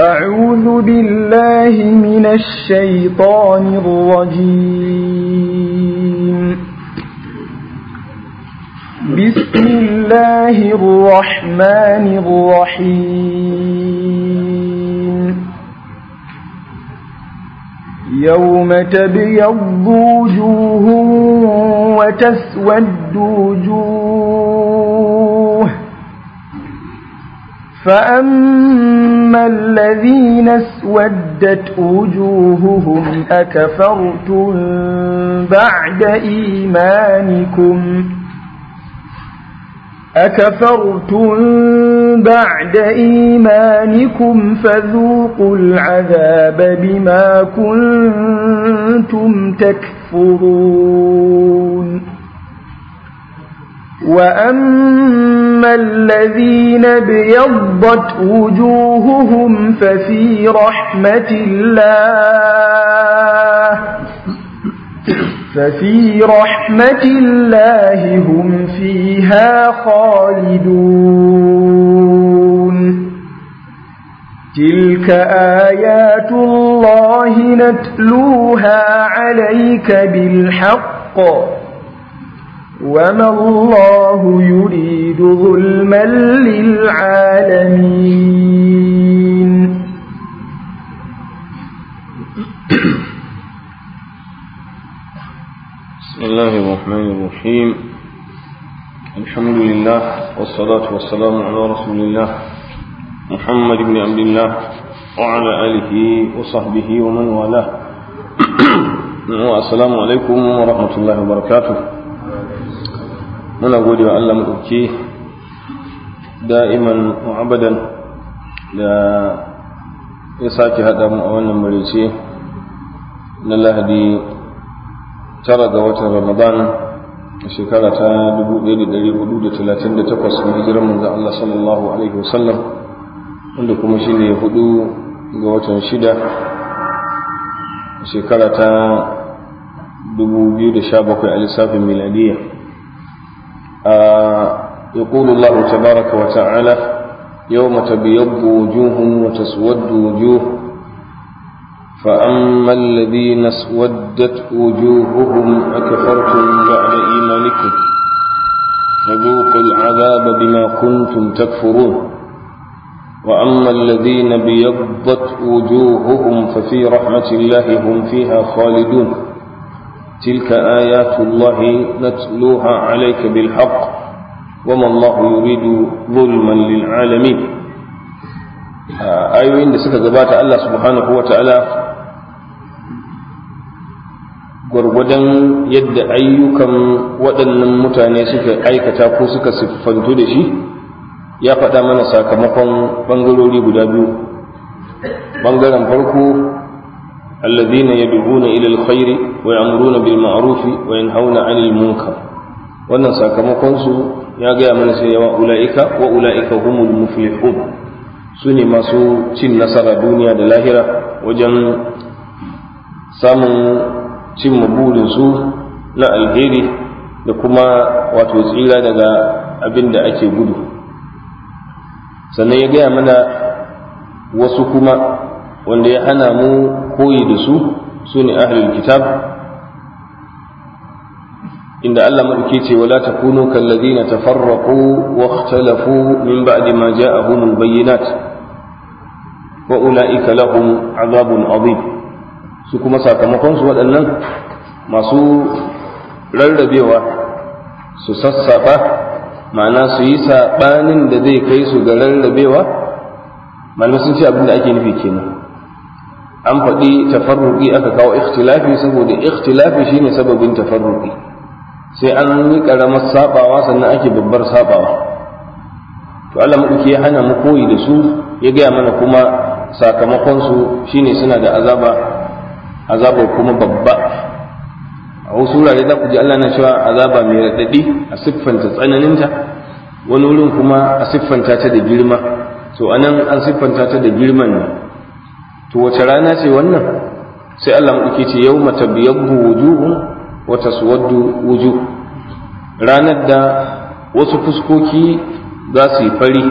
أعوذ بالله من الشيطان الرجيم بسم الله الرحمن الرحيم يوم تبيض وجوه وتسود وجوه فأما الذين اسودت وجوههم أكفرتم بعد إيمانكم أكفرتم بعد إيمانكم فذوقوا العذاب بما كنتم تكفرون وأما الذين ابيضت وجوههم ففي رحمة الله ففي رحمة الله هم فيها خالدون تلك آيات الله نتلوها عليك بالحق وما الله يريد ظلما للعالمين بسم الله الرحمن الرحيم الحمد لله والصلاة والسلام على رسول الله محمد بن عبد الله وعلى آله وصحبه ومن والاه السلام عليكم ورحمة الله وبركاته muna gode wa Allah maɗauki da'iman mu'abadan da ya sake haɗa mu a wannan marice na lahadi tara ga watan ramadan a shekara ta 1438 na hijiran manzan Allah sallallahu alaihi wasallam wanda kuma shi ne hudu ga watan shida a shekara ta 2017 a lissafin miladiyya آه، يقول الله تبارك وتعالى يوم تبيض وجوه وتسود وجوه فأما الذين اسودت وجوههم أكفرتم بعد إيمانكم فذوقوا العذاب بما كنتم تكفرون وأما الذين بيضت وجوههم ففي رحمة الله هم فيها خالدون تلك آيات الله نتلوها عليك بالحق وما الله يريد ظلما للعالمين ayoyin da suka gabata Allah subhanahu wa gwargwadon yadda ayyukan waɗannan mutane suka aikata ko suka siffantu da shi ya faɗa mana sakamakon ɓangarori guda biyu ɓangaren farko الذين يدعون إلى الخير ويأمرون بالمعروف وينهون عن المنكر wannan sakamakonsu ya gaya mana sai yawa ula'ika wa ula'ika humul muflihun su ne masu cin nasara duniya da lahira wajen samun cin su na alheri da kuma wato tsira daga abin da ake gudu sannan ya gaya mana wasu kuma wanda ya hana mu koyi da su su ne ahlul kitab inda Allah maɗauke ce wala takunu ta tafarraqu wa ikhtalafu min ba'di ma ja'ahumul bayyinat wa ulaika lahum azabun azim su kuma sakamakonsu waɗannan masu rarrabewa su sassaɓa ma'ana su yi saɓanin da zai kai su ga rarrabewa malamai sun ce abin da ake nufi kenan an faɗi tafarruki aka kawo ikhtilafi saboda ikhtilafi shine sababin tafarruki sai an yi karamar saɓawa sannan ake babbar sabawa to Allah madauki ya hana mu koyi da su ya gaya mana kuma sakamakonsu su shine suna da azaba azaba kuma babba a wasu wurare za ku ji Allah na cewa azaba mai raɗaɗi a siffanta tsananinta wani wurin kuma a siffanta ta da girma to anan an siffanta ta da girman ne to wace rana ce wannan sai Allah maɗauki ce yau matabiyabbu wujuhun wata suwaddu wujuh ranar da wasu fuskoki za su yi fari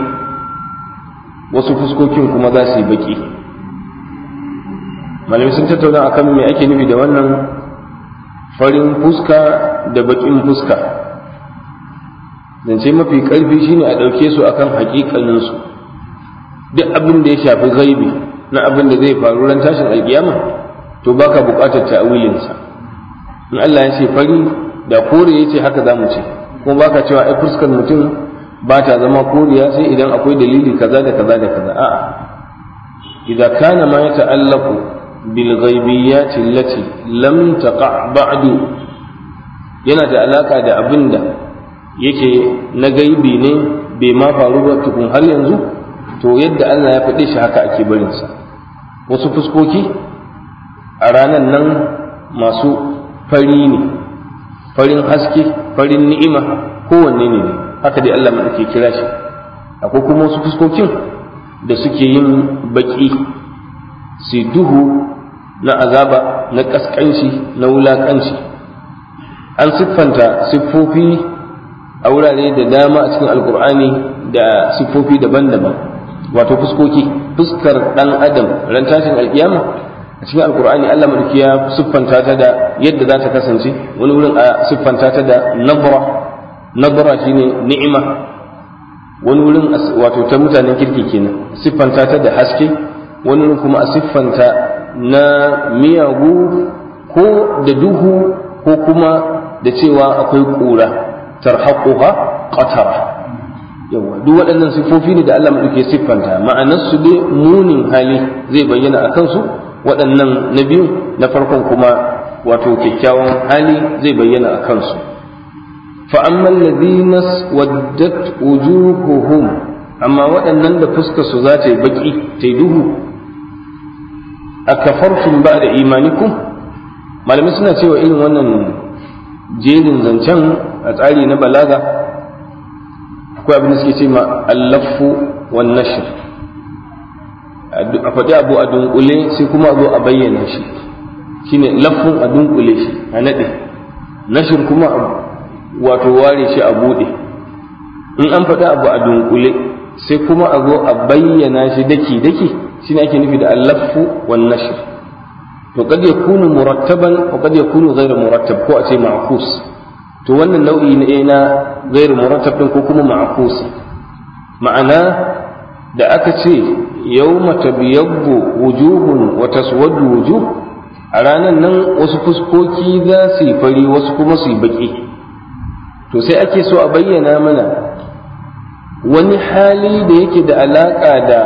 wasu fuskokin kuma za su yi baki malami sun tattauna akan me ake nufi da wannan farin fuska da bakin fuska zance mafi karfi shine a ɗauke su akan haƙiƙaninsu duk abin da ya shafi gaibi na abin da zai faru ran tashin alkiyama to baka buƙatar ta'awilin sa in Allah ya ce fari da kore yace haka zamu ce kuma baka cewa ai fuskar mutum ba ta zama koriya sai idan akwai dalili kaza da kaza da kaza a'a idza kana ma yata'allaqu bil ghaibiyyati allati lam taqa ba'du yana da alaka da abinda yake na gaibi ne bai ma faru ba tukun har yanzu to yadda Allah ya faɗe shi haka ake barin sa wasu fuskoki a ranar nan masu fari ne farin haske farin ni'ima kowanne ne haka dai Allah mai ke kira shi akwai kuma wasu fuskokin da suke yin baki su duhu na azaba na ƙasƙanci na wulaƙanci an siffanta siffofi a wurare da dama a cikin alkur'ani da siffofi daban-daban wato fuskoki fuskar dan adam ran tashin alkiyama a cikin alkur'ani Allah mulki ya siffanta ta da yadda za ta kasance wani wurin a siffanta ta da nabra nabra shine ni'ima wani wurin wato ta mutanen kirki kenan siffanta ta da haske wani wurin kuma a siffanta na miyagu ko da duhu ko kuma da cewa akwai ƙura tarhaquha qatara duk waɗannan siffofi ne da Allah ke siffanta ma'anar su ne munin hali zai bayyana a kansu waɗannan na biyu na farkon kuma wato kyakkyawan hali zai bayyana a kansu fa'amman lazinas waddat wujuhuhum amma waɗannan da fuskar su za ta yi baƙi ta yi duhu a kafartun ba da imanikum malamai suna cewa irin wannan jerin zancen a tsari na balaga akwai abin da suke ce ma allafu wan nashr a faɗi abu a dunkule sai kuma a zo a bayyana shi shine lafun a dunkule shi a naɗe nashin kuma wato ware shi a buɗe in an faɗi abu a dunkule sai kuma a zo a bayyana shi daki daki shine ake nufi da allafu wan nashr to kad yakunu murattaban wa kad yakunu ghayra murattab ko a ce ma'kus to wannan nau'i ne na gairu murattab ko kuma ma'kusi ma'ana da aka ce yawma tabyabbu wujuhun wa taswadu wujuh a ranan nan wasu fuskoki za su yi fari wasu kuma su yi baki to sai ake so a bayyana mana wani hali da yake da alaka da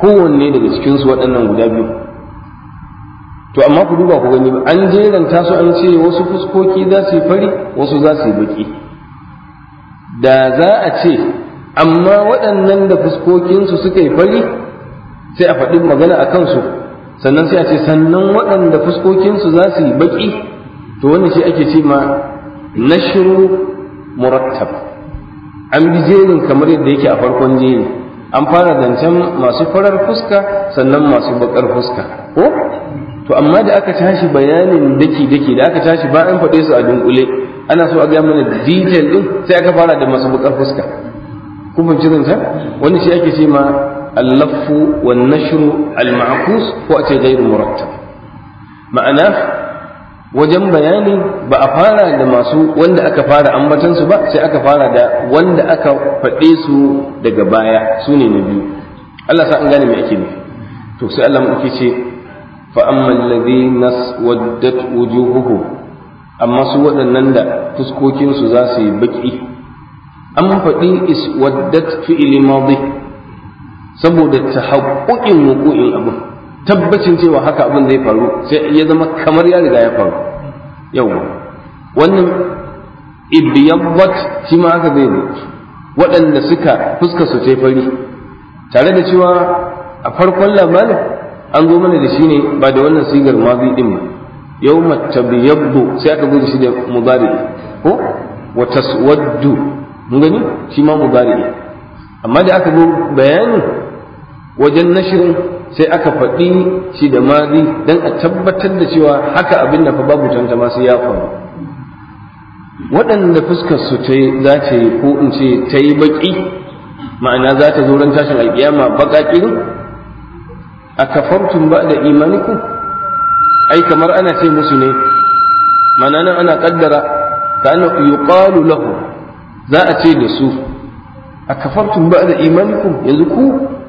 kowanne daga cikinsu waɗannan guda biyu to amma ku duba ku gani an jeranta su an ce wasu fuskoki za su yi fari wasu za su yi baki da za a ce amma waɗannan da fuskokinsu suka yi fari sai a faɗi magana a kansu sannan sai a ce sannan waɗanda fuskokinsu za su yi baki to wannan shi ake ce ma nashru murattab an bi jerin kamar yadda yake a farkon jeri an fara zancen masu farar fuska sannan masu bakar fuska ko to amma da aka tashi bayanin daki daki da aka tashi ba an faɗe su a dunkule ana so a ga mana detail din sai aka fara da masu bukar fuska kun fahimci zan san wani shi ake ce ma allafu wan nashru al ma'kus ko a ce ghairu murattab ma'ana wajen bayani ba a fara da masu wanda aka fara ambatan su ba sai aka fara da wanda aka faɗe su daga baya su ne na biyu Allah sa an gane me ake nufi to sai Allah mu ce فأما الذين اسودت وجوههم أما سوى النندى فسكوكين سزاسي بكئي أما فإن اسودت فعل ماضي saboda tahaqquqin wuqu'in abun tabbacin cewa haka abun zai faru sai ya zama kamar ya riga ya faru yawa wannan ibyabbat shi ma haka zai waɗanda suka fuska su fari tare da cewa a farkon labarin an zo mana da shi ne ba da wannan sigar mazi din ba yau mace biyabdu sai aka zo shi da mubari ko wata waddu mun gani shi ma mubari amma da aka zo bayani wajen nashirin sai aka faɗi shi da mazi don a tabbatar da cewa haka abin da fa babu tantama masu ya faru waɗanda fuskar su ta za ta yi ko in ce ta yi baƙi ma'ana za ta zo ran tashin alƙiyama baƙaƙin akafartum ba'da imanikum ai kamar ana ce musu ne mana nan ana kaddara ka ana yuqalu lahu za a ce da su akafartum ba'da imanikum yanzu ku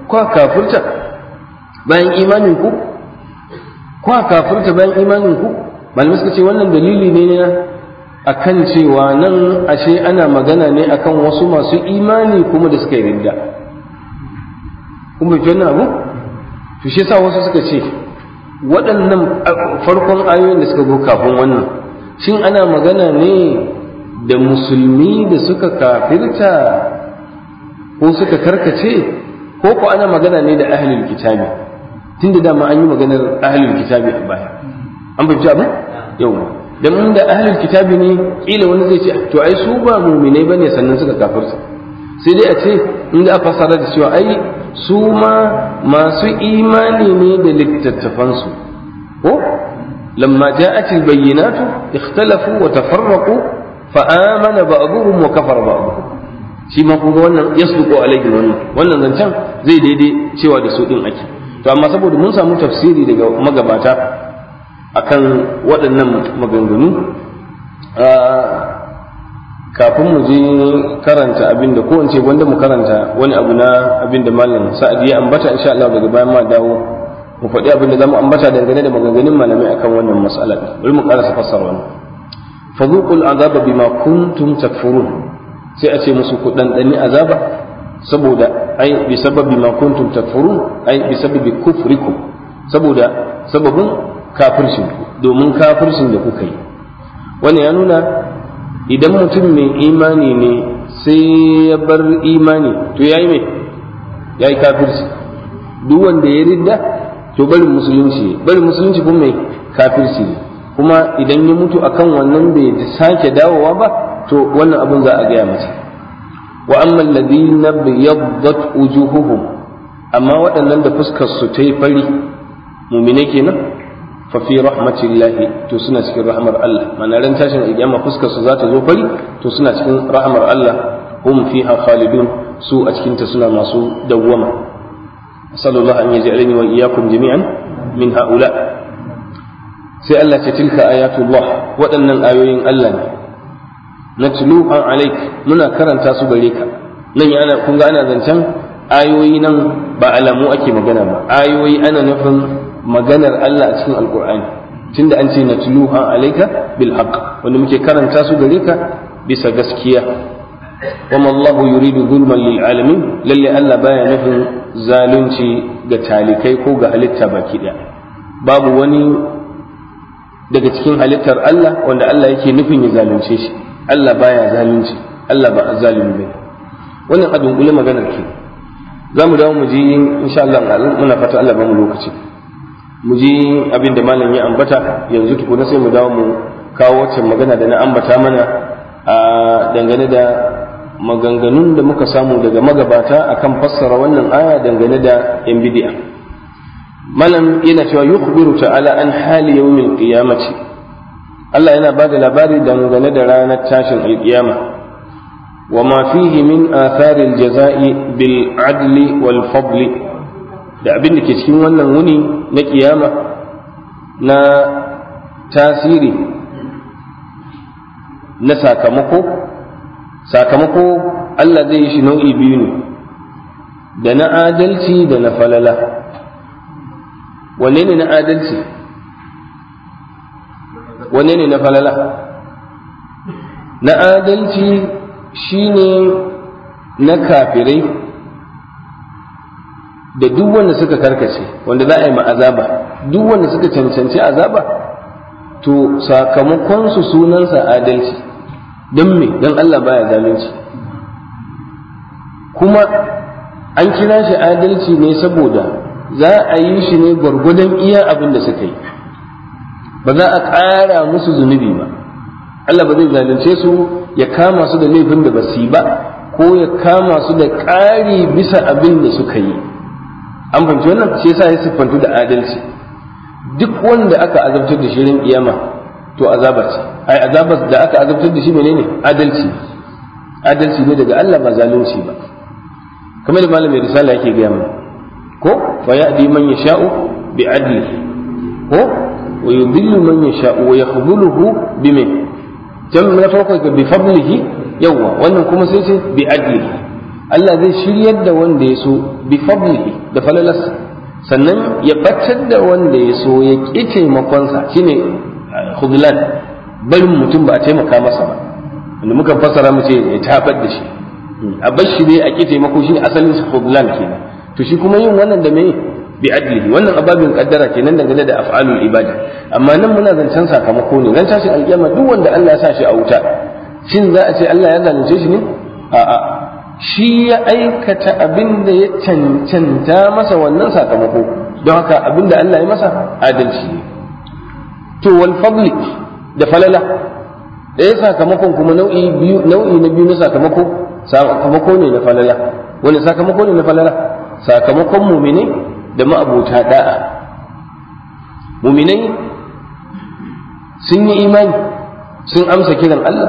kwa kafirta bayan imanin ku kwa kafirta bayan imanin ku malamai suka ce wannan dalili ne na akan cewa nan ashe ana magana ne akan wasu masu imani kuma da suka yi ridda kuma fi wannan abu to shi yasa wasu suka ce waɗannan farkon ayoyin da suka zo kafin wannan shin ana magana ne da musulmi da suka kafirta ko suka karkace ko ko ana magana ne da ahlul kitabi tunda dama an yi maganar ahlul kitabi a baya an fahimci abin yau dan da ahlul kitabi ne kila wani zai ce to ai su ba mu'minai bane sannan suka kafirta sai dai a ce inda aka fasara da cewa ai su ma masu imani ne da littattafansu ko lamma ja'at al-bayyinatu ikhtalafu wa tafarraqu fa amana ba'dhum wa kafara ba'dhum shi ma kuma wannan yasduqu alayhi wannan wannan zancen zai daidai cewa da su din ake to amma saboda mun samu tafsiri daga magabata akan waɗannan maganganu ah, kafin mu je karanta abin da ko in ce wanda mu karanta wani abu na abin da malam sa'ad ya ambata insha Allah daga bayan ma dawo mu faɗi abin da zamu ambata dangane da maganganun malamai akan wannan mas'ala bari mu karasa fassara wannan fadhuqul azaba bima kuntum takfurun sai a ce musu ku dandani azaba saboda ai bi sababi ma kuntum takfurun ai bi sababi kufrikum saboda sababin kafircin domin kafircin da kuka yi wannan ya nuna idan mutum mai imani ne sai ya bar imani to yayi mai ya yi kafirci duk wanda ya ridda to barin musulunci barin musulunci kuma mai kafirci ne kuma idan ya mutu akan wannan bai sake dawowa ba to wannan abin za a gaya masa wa amma alladhina biyaddat wujuhuhum amma waɗannan da fuskar su ta yi fari mumine kenan fa fi rahmatillahi to suna cikin rahmar Allah mana ran tashin alƙiyama fuskar su za ta zo fari to suna cikin rahmar Allah hum fiha khalidun su a cikin ta suna masu dawwama sallallahu alaihi wa sallam wa iyyakum jami'an min haula sai Allah ce tilka ayatullah waɗannan ayoyin Allah ne natluha alaik muna karanta su gare ka ana zancen ayoyi nan ba alamu ake magana ba ayoyi ana nufin maganar Allah a cikin alkur'ani da an ce na natluha alaika bil haƙa wanda muke karanta su gare ka bisa gaskiya wama Allahu yuridu zulman lil alamin lalle Allah baya nufin zalunci ga talikai ko ga halitta baki daya babu wani daga cikin halittar Allah wanda Allah yake nufin ya zalunce shi Allah baya zalunci Allah ba zalimi bane wannan a dunkule maganar ke za mu dawo mu ji insha Allah muna fata Allah ba mu lokaci mu ji abin da malam ya ambata yanzu tukuna sai mu dawo mu kawo wacce magana da na ambata mana a dangane da maganganun da muka samu daga magabata akan fassara wannan aya dangane da yan bidiya malam yana cewa yukhbiru ta'ala an hali yawmil qiyamati Allah yana bada labari dangane da ranar tashin alkiyama wa ma fihi min atharil jaza'i bil adli wal fadli da abin da ke cikin wannan wuni na kiyama na tasiri na sakamako sakamako Allah zai yi shi nau'i biyu ne da na adalci da na falala wanne ne na adalci wanne ne na falala na adalci shine na kafirai da duk wanda suka karkace wanda za a yi ma'azaba, duk wanda suka cancanci azaba to sakamakon su sunansa adalci don me don Allah baya zalunci kuma an kira shi adalci ne saboda za a yi shi ne gwargwadon iya abin da suka yi ba za a ƙara musu zunubi ba Allah ba zai zalunce su ya kama su da laifin da basu ba ko ya kama su da ƙari bisa abin da suka yi an fahimci wannan shi yasa ya siffantu da adalci duk wanda aka azabtar da shi ran kiyama to azabar ce ai azabar da aka azabtar da shi menene adalci adalci ne daga Allah ba zalunci ba kamar da malamin risala yake gaya mana ko fa ya'di man yasha'u bi adli ko wa yudillu man yasha'u wa yakhdhuluhu bi min jam na farko bi fadlihi yawa wannan kuma sai ce bi adli Allah zai shiryar da wanda ya so bi fadlihi da falalas sannan ya batar da wanda ya so ya ƙi taimakonsa shine eh, khudlan barin mutum ba a taimaka masa ba wanda muka fassara mu ce ya tabar da shi a bar shi ne a ƙi taimako shine asalin su khudlan kenan to shi kuma yin wannan da me bi adlihi wannan ababin kaddara kenan dangane da af'alul ibada amma nan muna zancen sakamako ne ran tashin alƙiyama duk wanda Allah ya sa shi a wuta shin za a ce Allah ya zalunce shi ne a'a shi ya aikata abin da ya cancanta masa wannan sakamako don haka abin da Allah ya masa adalci ne to wal fadli da falala ɗaya sakamakon kuma nau'i biyu nau'i na biyu na sakamako sakamako ne na falala wani sakamako ne na falala sakamakon muminai da ma'abota da'a muminai sun yi imani sun amsa kiran Allah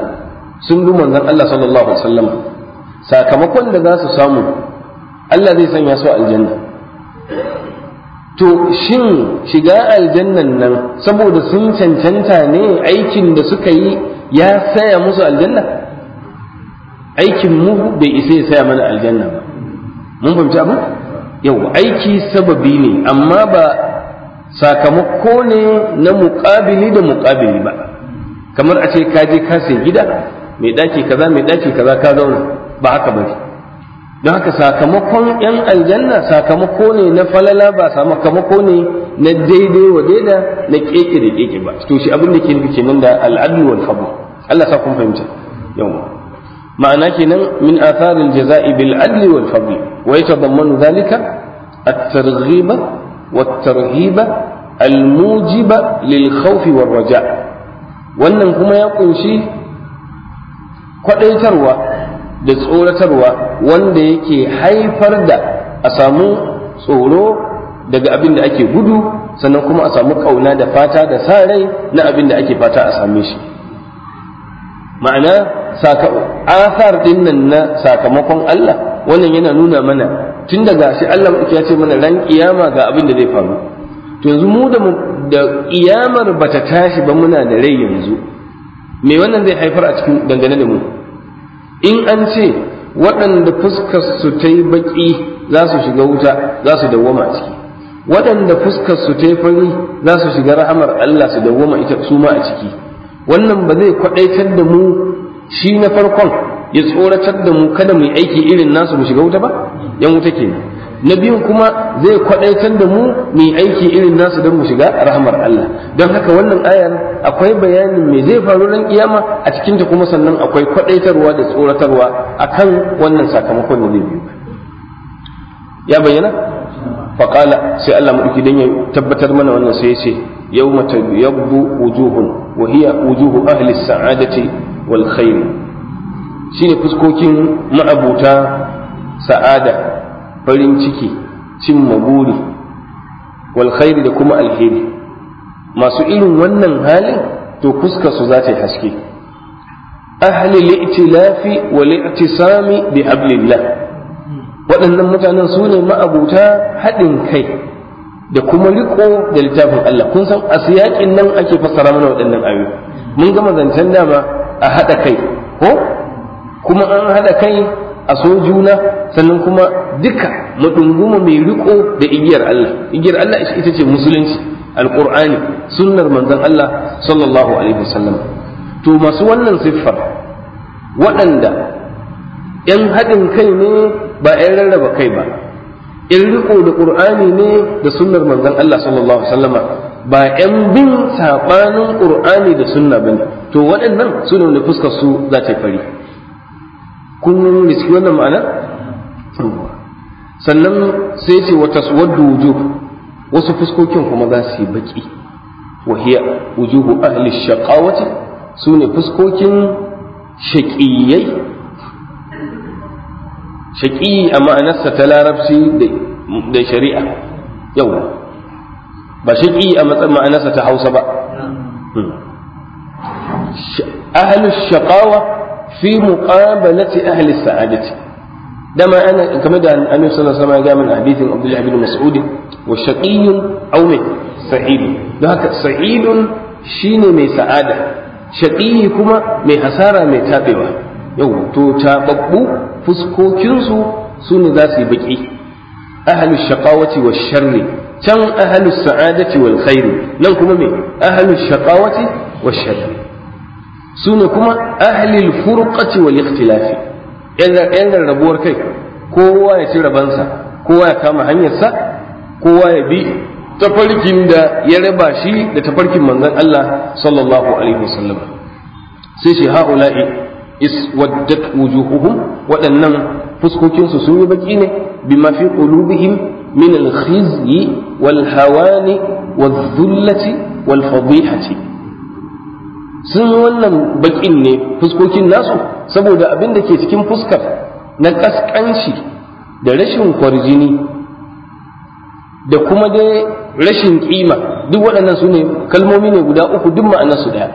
sun bi manzon Allah sallallahu alaihi wasallam sakamakon da za su samu Allah zai sanya su aljanna to shin shiga aljannan nan saboda sun cancanta ne aikin da suka yi ya saya musu aljanna aikin mu bai isa ya saya mana aljanna ba mun fahimci abu yau aiki sababi ne amma ba sakamako ne na muƙabili da muƙabili ba kamar a ce ka je ka sai gida mai daki kaza mai daki kaza ka zauna ba haka bane don haka sakamakon yan aljanna sakamako ne na falala ba sakamako ne na daidai wa daida na keke da keke ba to shi abin da ke nufi kenan da al'adlu wal fadl Allah sa kun fahimta yawa معناه كنا من آثار الجزاء بالعدل والفضل ويتضمن ذلك الترغيب والترهيب الموجب للخوف والرجاء wannan kuma ya kunshi kwadaitarwa da tsoratarwa wanda yake haifar da a samu tsoro daga abin da ake gudu sannan kuma a samu kauna da fata da sa rai na abin da ake fata a same shi ma'ana asar din nan na sakamakon Allah wannan yana nuna mana tun daga shi Allah ya ce mana ran kiyama ga abin da zai faru to yanzu mu da ƙiyamar ba ta tashi ba muna da rai yanzu me wannan zai haifar a cikin dangane da mu in an ce waɗanda fuskar su ta yi baƙi za su shiga wuta za su dawwama a ciki waɗanda fuskar su ta yi fari za su shiga rahamar Allah su dawwama ita su ma a ciki wannan ba zai kwaɗaitar da mu shi na farkon ya tsoratar da mu kada mu yi aiki irin nasu mu shiga wuta ba yan wuta ke kenan na biyu kuma zai kwadaitar da mu mu aiki irin nasu don mu shiga rahmar Allah don haka wannan ayar akwai bayanin me zai faru ran kiyama a cikin ta kuma sannan akwai kwadaitarwa da tsoratarwa a kan wannan sakamakon da zai biyu ya bayyana Faƙala, sai Allah mu dan ya tabbatar mana wannan sai yace yawma tabyabbu wujuhun wa hiya wujuhu ahli sa'adati wal khair shine fuskokin ma'abuta sa'ada farin ciki cin maguri walkhairi da kuma alheri masu irin wannan halin to fuskar su za ta yi haske ahli li'tilafi wa li'tisami bi hablillah waɗannan mutanen su ne ma'abuta haɗin kai da kuma riko da littafin Allah kun san a siyaƙin nan ake fassara mana waɗannan ayoyi mun gama zancen dama a haɗa kai ko kuma an haɗa kai a so juna sannan kuma duka maɗunguma mai riko da igiyar Allah igiyar Allah ita ce musulunci alƙurani sunnar manzon Allah sallallahu alaihi wasallam to masu wannan siffar waɗanda ‘yan haɗin kai ne ba ‘yan rarraba kai ba ‘yan riko da ƙur'ani ne da sunnar manzon Allah sallallahu alaihi ba ‘yan bin saɓanin ƙur'ani da sunna ba to waɗannan su ne wanda fuskar su za ta fari kun riski wannan ma'ana sannan sai ce wata wadda wujuh wasu fuskokin kuma za su yi baki wa hiya wujuhu ahli shaqawati sune fuskokin shaqiyai shaqi a ma'anarsa ta larabci da shari'a yau ba shaqi a matsayin ma'anarsa ta Hausa ba hmm. ahli shaqawa fi muqabalati ahli sa'adati dama ana kama da annabi sallallahu alaihi wasallam ya gamin hadithin abdullahi bin mas'ud wa shaqiyyun aw min sa'id don haka sa'idun shine mai sa'ada shaqiyyi kuma mai hasara mai tabewa yau to tababbu fuskokinsu su ne za su yi baki ahli shaqawati wa sharri can ahli sa'adati wal khairi nan kuma me ahli shaqawati wa sharri su ne kuma ahlil furqati wal ikhtilafi yan rabuwar kai kowa ya ci rabansa kowa ya kama hanyarsa kowa ya bi tafarkin da ya raba shi da tafarkin manzon Allah sallallahu alaihi wasallam sai shi haula'i iswaddat wujuhuhum waɗannan fuskokinsu sun yi baki ne bima fi qulubihim min al-khizyi wal hawani wal dhullati wal fadihati sun wannan bakin ne fuskokin nasu saboda abin da ke cikin fuskar na kaskanci da rashin kwarjini da kuma dai rashin kima duk waɗannan su ne kalmomi ne guda uku duk ma'anarsu daya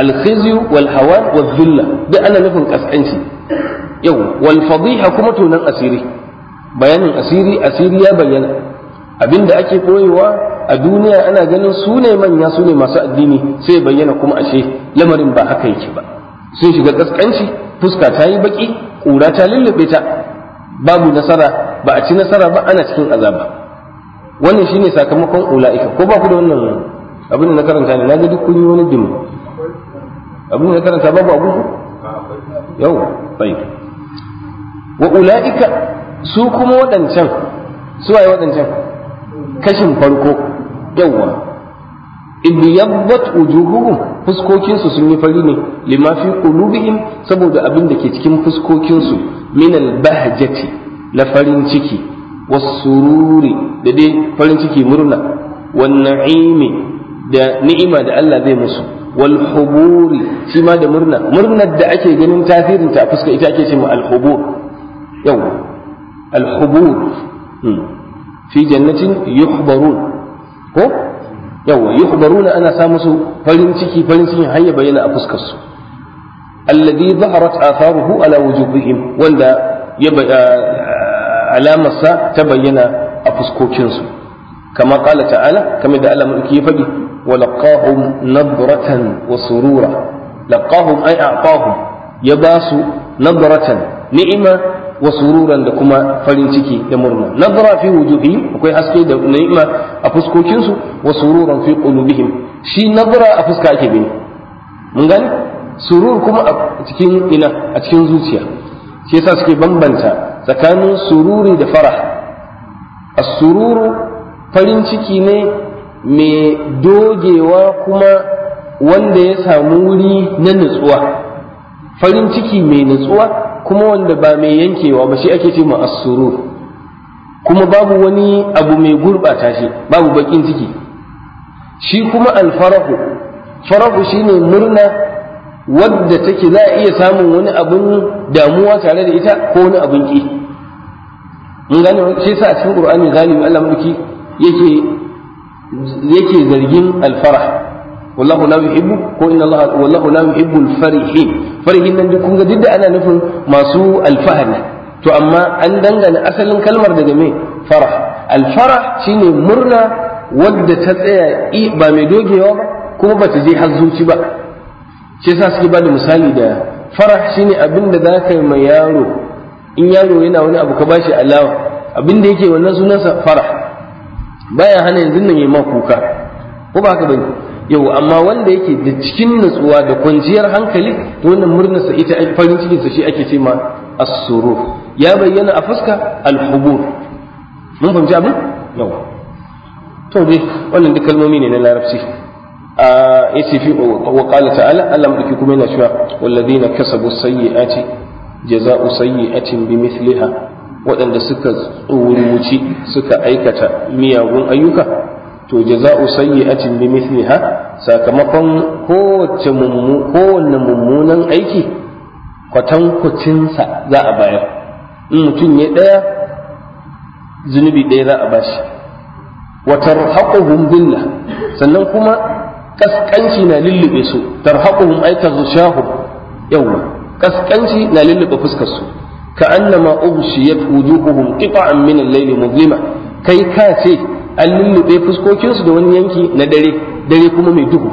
alkhizyu wal hawa wal duk ana nufin kaskanci yau wal fadiha kuma tunan asiri bayanin asiri asiri ya bayyana abin da ake koyewa a duniya ana ganin su ne manya su ne masu addini sai bayyana kuma ashe lamarin ba haka yake ba sun shiga kaskanci fuska ta yi baki ƙura ta lullube ta babu nasara ba a ci nasara ba ana cikin azaba wannan shine sakamakon ula'ika ko ba ku da wannan abin da na karanta ne na ga duk kun yi wani dimu abin da na karanta babu abu ku yau bai wa ula'ika su kuma waɗancan su waye waɗancan kashin farko yawwa idiyabbat wujuhuhum fuskokin su sun yi fari ne lima fi qulubihim saboda abin da ke cikin fuskokin su min albahjati na farin ciki wasururi da dai farin ciki murna wan na'imi da ni'ima da Allah zai musu wal huburi shi ma da murna murnar da ake ganin tasirin ta fuska ita ake ce mu al hubur yau al hubur hmm. في جنة يخبرون هو يو يخبرون أنا سامس فلنسكي فلنسكي هيا بين أبسكس الذي ظهرت آثاره على وجوههم وندا يب آه، آه، علامة سا تبين أبسكوتشنس كما قال تعالى كما إذا ألم فدي ولقاهم نظرة وسرورا لقاهم أي أعطاهم يباس نظرة نعمة wa sururan da kuma farin ciki da murna nazara fi wujuhi akwai haske da ni'ima a fuskokin su wa sururan fi qulubihim shi nazara a fuska ake bin mun gani surur kuma a cikin ina a cikin zuciya shi yasa suke bambanta tsakanin sururi da farah as-sururu farin ciki ne mai dogewa kuma wanda ya samu wuri na nutsuwa farin ciki mai nutsuwa kuma wanda ba mai yankewa ba shi ake ce ma asuru kuma babu wani abu mai gurɓata shi babu bakin ciki shi kuma alfarahu farahu shine murna wadda take za a iya samun wani abun damuwa tare da ita ko wani abun ki mun gane shi sa a cikin qur'ani zalimi Allah mulki yake yake zargin alfarah wallahu la yuhibbu ko inna Allah wallahu la yuhibbu alfarihin farhin nan duk kunga duk da ana nufin masu alfahari to amma an dangana asalin kalmar daga me farah alfarah shine murna wadda ta tsaya ba mai dogewa ba kuma ba ta je har zuci ba shi yasa suke ba da misali da farah shine abin da zaka yi ma yaro in yaro yana wani abu ka bashi alawa abin da yake wannan sunansa farah baya hana yanzu nan yayi ma kuka ko ba haka bane yau amma wanda yake da cikin nutsuwa da kwanciyar hankali to wannan murnar sa'i ita farin cikin sa shi ake ce ma as-surur ya bayyana a fuska al-hubur mun fahimci abin yau to dai wannan duk kalmomi ne na larabci a yace fi wa qala ta'ala Allah madaki kuma yana cewa walladina kasabu sayyi'ati jaza'u sayyi'atin bimithliha waɗanda suka tsoro suka aikata miyagun ayyuka to jaza'u sayyi'atin bi mithliha sakamakon kowace kowanne mummunan aiki kwatankwacin sa za a bayar in mutum ya daya zunubi daya za a bashi wa tarhaquhum billah sannan kuma kaskanci na lullube su tarhaquhum ay tazshahu yawma kaskanci na lullube fuskar su annama ubshiyat wujuhuhum qita'an min al-layli mudlima kai ka ce an lullube fuskokinsu da wani yanki na dare dare kuma mai duhu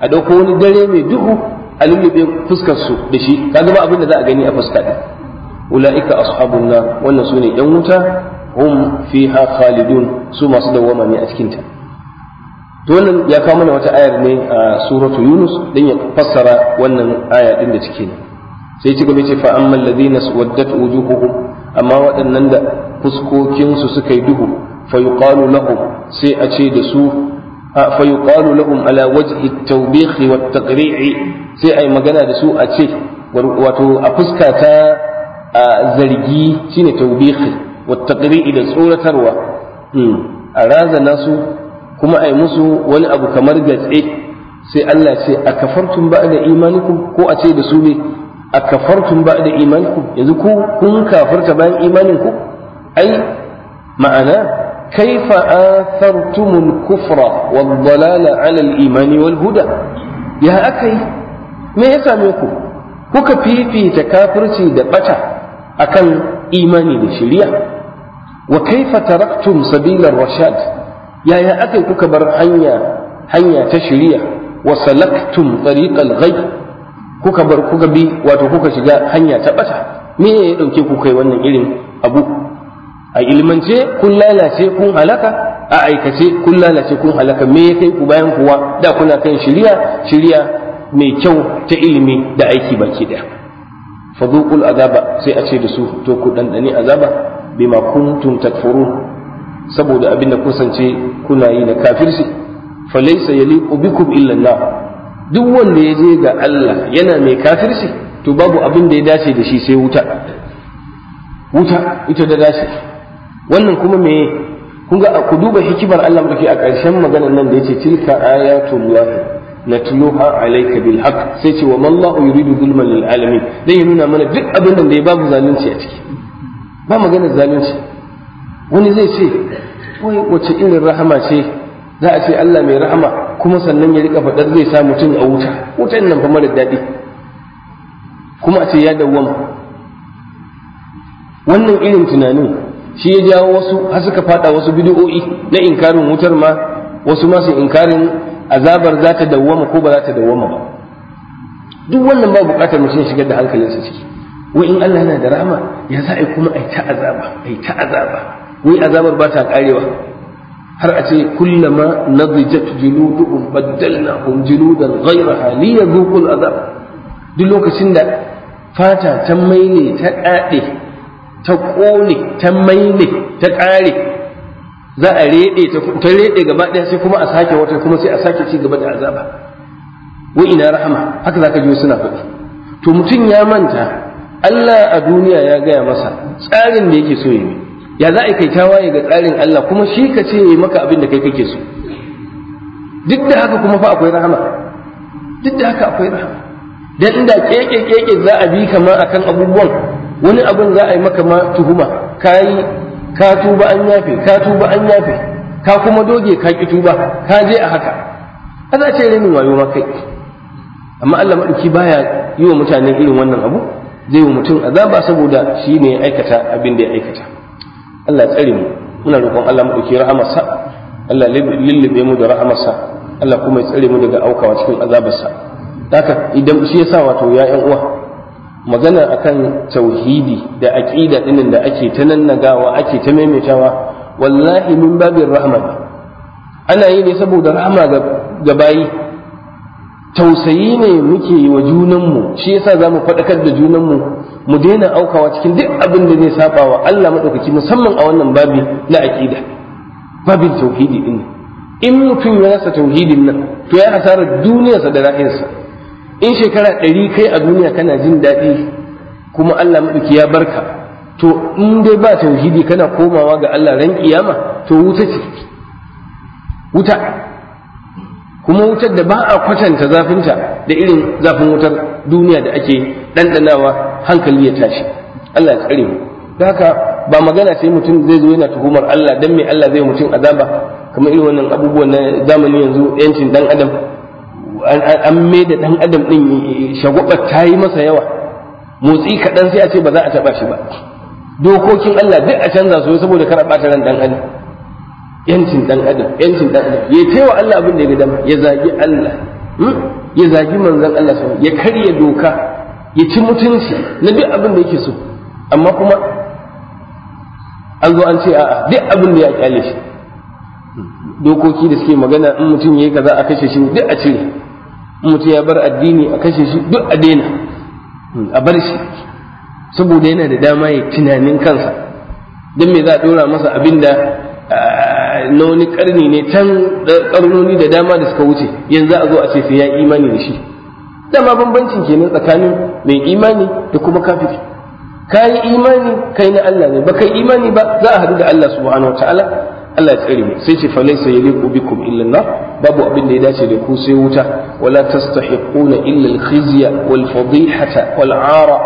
a dauko wani dare mai duhu a lullube fuskarsu da shi ka zama abin da za a gani a fuska ɗin ula'ika ashabun nar wannan su ne yan wuta hum fiha khalidun su masu dawwama ne a cikinta to wannan ya kawo mana wata ayar ne a suratu yunus dan ya fassara wannan aya din da cike ne sai ci gaba ce fa ammal ladina suwaddat wujuhuhum amma waɗannan da fuskokinsu suka yi duhu fayuqalu lahum sai a ce da su fayuqalu lahum ala wajhi at-tawbikh wa at-taqri'i ai magana da su a ce wato a fuska ta zargi shine tawbikhi wa da tsoratarwa a razana su kuma ai musu wani abu kamar gatse sai Allah ce a kafartum ba'da ko a ce da su ne yanzu ku kun kafarta imanin ku ai ma'ana كيف آثرتم الكفر والضلال على الإيمان والهدى يا أكي ما يساميكم كوكا في في تكافرتي دبتا أكن إيماني بشريع وكيف تركتم سبيل الرشاد يا يا أكي كوكا برحنيا hanya ta shiriya wa salaktum tariqal ghaib kuka bar kuka bi wato kuka shiga hanya ta bata me ya dauke ku kai wannan irin abu a ilmance kun lalace kun halaka a aikace kun lalace kun halaka me ya kai ku bayan kuwa da kuna kan shirya shirya mai kyau ta ilimi da aiki baki daya fadukul azaba sai a ce da su to ku dandani azaba bima kuntum takfuru saboda abin da kusance kuna yi na kafirci falaysa yaliqu bikum illa Allah duk wanda ya je ga Allah yana mai kafirci to babu abin da ya dace da shi sai wuta wuta ita da dace wannan kuma me kun ga ku duba hikimar Allah madaki a ƙarshen maganar nan da yace tilka ayatul lahi natluha alayka bil haqq sai ce wa mallahu yuridu zulman lil alamin dan ya nuna mana duk abin da ya babu zalunci a ciki ba maganar zalunci wani zai ce wai wace irin rahama ce za a ce Allah mai rahama kuma sannan ya rika faɗar zai sa mutum a wuta wutan nan fa mara daɗi kuma a ce ya dawwama wannan irin tunanin shi ya jawo wasu har suka fada wasu bidi'o'i na inkarin wutar ma wasu masu inkarin azabar za ta dawwama ko ba za ta dawwama ba duk wannan ba bukatar mutum ya shigar da hankalinsa ciki wai in Allah yana da rahama ya za a kuma ai ta azaba ai ta azaba wai azabar ba ta karewa har a ce kullama nadijat juluduhum baddalnahum juludan ghayraha liyadhuqul azab duk lokacin da fata ta maile ta ɗaɗe. ta ƙone ta maine ta ƙare za a reɗe ta reɗe gaba ɗaya sai kuma a sake wata kuma sai a sake ci gaba da azaba wa ina rahama haka za ka ji suna faɗi to mutum ya manta Allah a duniya ya gaya masa tsarin da yake so ya yi ya za a kai tawaye ga tsarin Allah kuma shi ka ce yayi maka abin da kai kake so duk da haka kuma fa akwai rahama duk da haka akwai rahama dan inda keke keke za a bi kama akan abubuwan wani abin za a yi maka ma tuhuma ka yi ka tuba an yafe ka tuba an yafe ka kuma doge ka ki tuba ka je a haka a za ce renin wayo ma kai amma Allah madauki baya yi wa mutane irin wannan abu zai wa mutum azaba saboda shi ne ya aikata abin da ya aikata Allah tsare mu muna roƙon Allah madauki rahamarsa Allah lullube mu da rahamarsa Allah kuma ya tsare mu daga aukawa cikin azabarsa haka idan shi yasa wato ya 'yan uwa magana akan tauhidi da aqida dinin da ake ta nannagawa ake ta maimaitawa wallahi min babin rahama ana yi ne saboda rahama ga bayi tausayi ne muke yi wa junanmu shi yasa za mu faɗakar da junanmu mu daina aukawa cikin duk abin da zai saba wa Allah maɗaukaki musamman a wannan babi na aqida babin tauhidi din in mutum ya rasa tauhidin nan to ya hasarar duniyarsa da rahinsa in shekara ɗari kai a duniya kana jin daɗi kuma Allah maɗauki ya barka to in dai ba tauhidi kana komawa ga Allah ran kiyama to wuta ce wuta kuma wutar da ba a kwatanta zafinta da irin zafin wutar duniya da ake ɗanɗanawa hankali ya tashi Allah ya tsare mu da haka ba magana sai mutum zai zo yana tuhumar Allah dan me Allah zai mutum azaba kamar irin wannan abubuwan na zamani yanzu yancin dan adam an mai da ɗan adam ɗin shagwabar ta yi masa yawa motsi kaɗan sai a ce ba za a taɓa shi ba dokokin Allah duk a canza su saboda kar a ɓata ran ɗan adam yancin ɗan adam yancin ɗan adam ya taiwa Allah abin da ya ga ya zagi Allah hmm? ya zagi manzon Allah sau ya karya doka ya ci mutunci na duk abin da yake so amma kuma an zo an ce a'a duk abin da ya kyale shi dokoki da suke magana in mutum ya yi kaza a kashe shi duk a cire mutum ya bar addini a kashe shi duk a daina a bar shi saboda yana da dama ya tunanin kansa don me za a dora masa abin da na wani ƙarni ne can ƙarnoni da dama da suka wuce yanzu a zo a ce sai ya imani da shi dama bambancin kenan tsakanin mai imani da kuma kafiri ka yi imani kai na Allah ne ba kai imani ba za a haɗu da Allah subhanahu wa ta'ala Allah ya tsare mu sai ce falaysa yaliqu bikum illa nar babu abin da ya dace da ku sai wuta wala tastahiquna illa al-khizya wal fadihata wal ara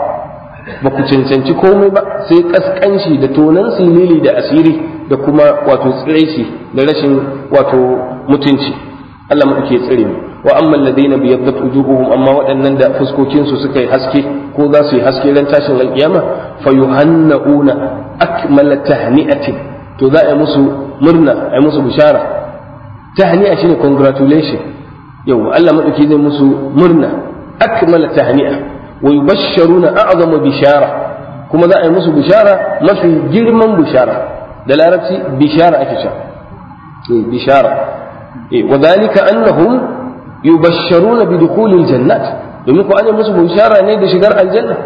ba ku cancanci komai ba sai kaskanci da tonan silili da asiri da kuma wato tsiraici da rashin wato mutunci Allah mu ke tsare mu wa amma alladhina biyaddat wujuhuhum amma waɗannan da fuskokin su suka yi haske ko za su yi haske ran tashin alkiyama fa yuhannauna akmala tahni'atin to za a yi musu murna ai musu bishara tahni'a shine congratulation yau Allah madauki zai musu murna akmala tahni'a wa yubashsharuna a'zama bishara kuma za a yi musu bishara mafi girman bishara da larabci bishara ake cewa bishara wa dhalika annahum yubashsharuna bi dukhulil jannat domin ko an yi musu bishara ne da shigar aljanna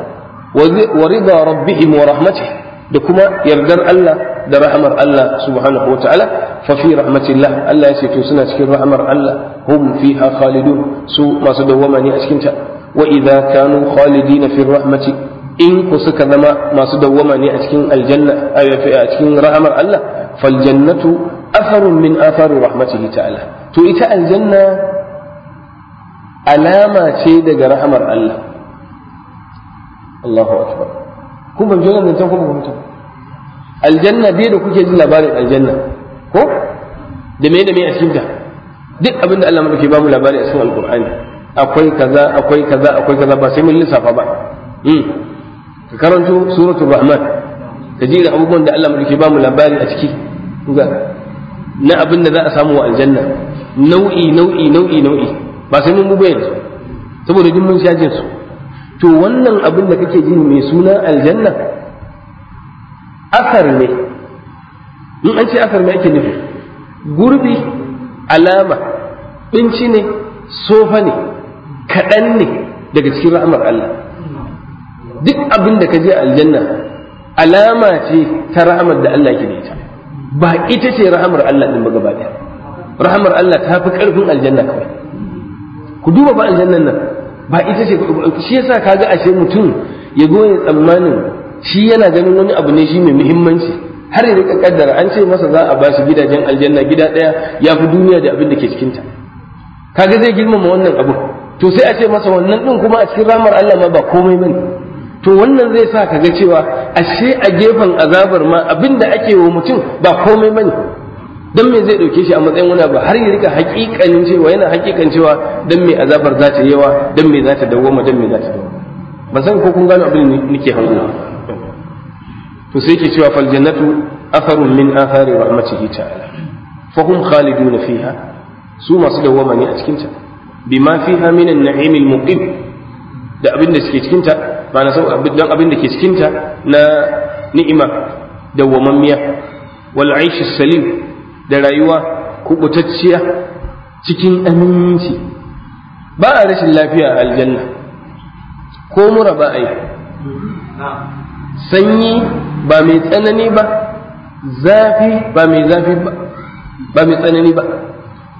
wa rida rabbihim wa rahmatihi da kuma yardar Allah da rahamar Allah subhanahu wa ta'ala fa fi rahmatillah Allah ya ce to suna cikin rahamar Allah hum fiha khalidun su masu dawwama ne a cikin ta wa idza kanu khalidina fi rahmati in ku suka zama masu dawwama ne a cikin aljanna a cikin rahamar Allah fal jannatu atharun min athari rahmatihi ta'ala to ita aljanna alama ce daga rahamar Allah Allahu akbar kun ban jira nan ta kuma mutum aljanna dai da kuke jin labarin aljanna ko da me da me a cikin ta duk abin da Allah muke ba mu labari a cikin alqur'ani akwai kaza akwai kaza akwai kaza ba sai mun lissafa ba hmm. ka karanto suratul rahman ka ji da abubuwan da Allah muke ba mu labari a ciki ga na abin da za a samu wa aljanna nau'i nau'i nau'i nau'i ba sai mun bube su saboda duk mun sha jin su to wannan abin da kake ji mai suna aljanna asar ne in an ce asar mai ake nufi gurbi alama binci ne sofa ne kaɗan ne daga cikin ra'amar Allah duk abin da ka je aljanna alama ce ta ra'amar da Allah ke da ita ba ita ce ra'amar Allah din ba gaba ɗaya ra'amar Allah ta fi ƙarfin aljanna kawai ku duba ba aljannan nan ba ita ce shi yasa kaga ashe mutum ya goye tsammanin shi yana ganin wani abu ne shi mai muhimmanci har ya rika kaddara an ce masa za a ba shi gidajen aljanna gida ɗaya ya fi duniya da abin da ke cikinta kaga zai girmama wannan abu to sai a ce masa wannan din kuma a cikin ramar Allah ma ba komai bane to wannan zai sa kaga cewa ashe a gefen azabar ma abin da ake wa mutum ba komai bane dan me zai dauke shi a matsayin wani abu har ya rika hakikanin cewa yana hakikan cewa dan me azabar za ta yawa dan me za ta dawo ma dan me za ta dawo ban san ko kun gano abin da nake hango ba to sai ke cewa fal jannatu atharun min athari rahmatihi ta'ala fa hum khaliduna fiha su masu dawwama ne a cikin ta bima fiha min an-na'im al-muqim da abin da suke cikin ta ba na sau dan abin da ke cikin ta na ni'ima dawwamammiya wal aish salim da rayuwa kubutacciya cikin aminci ba a rashin lafiya a aljanna ko mura ba a yi sanyi ba mai tsanani ba zafi ba mai zafi ba ba mai tsanani ba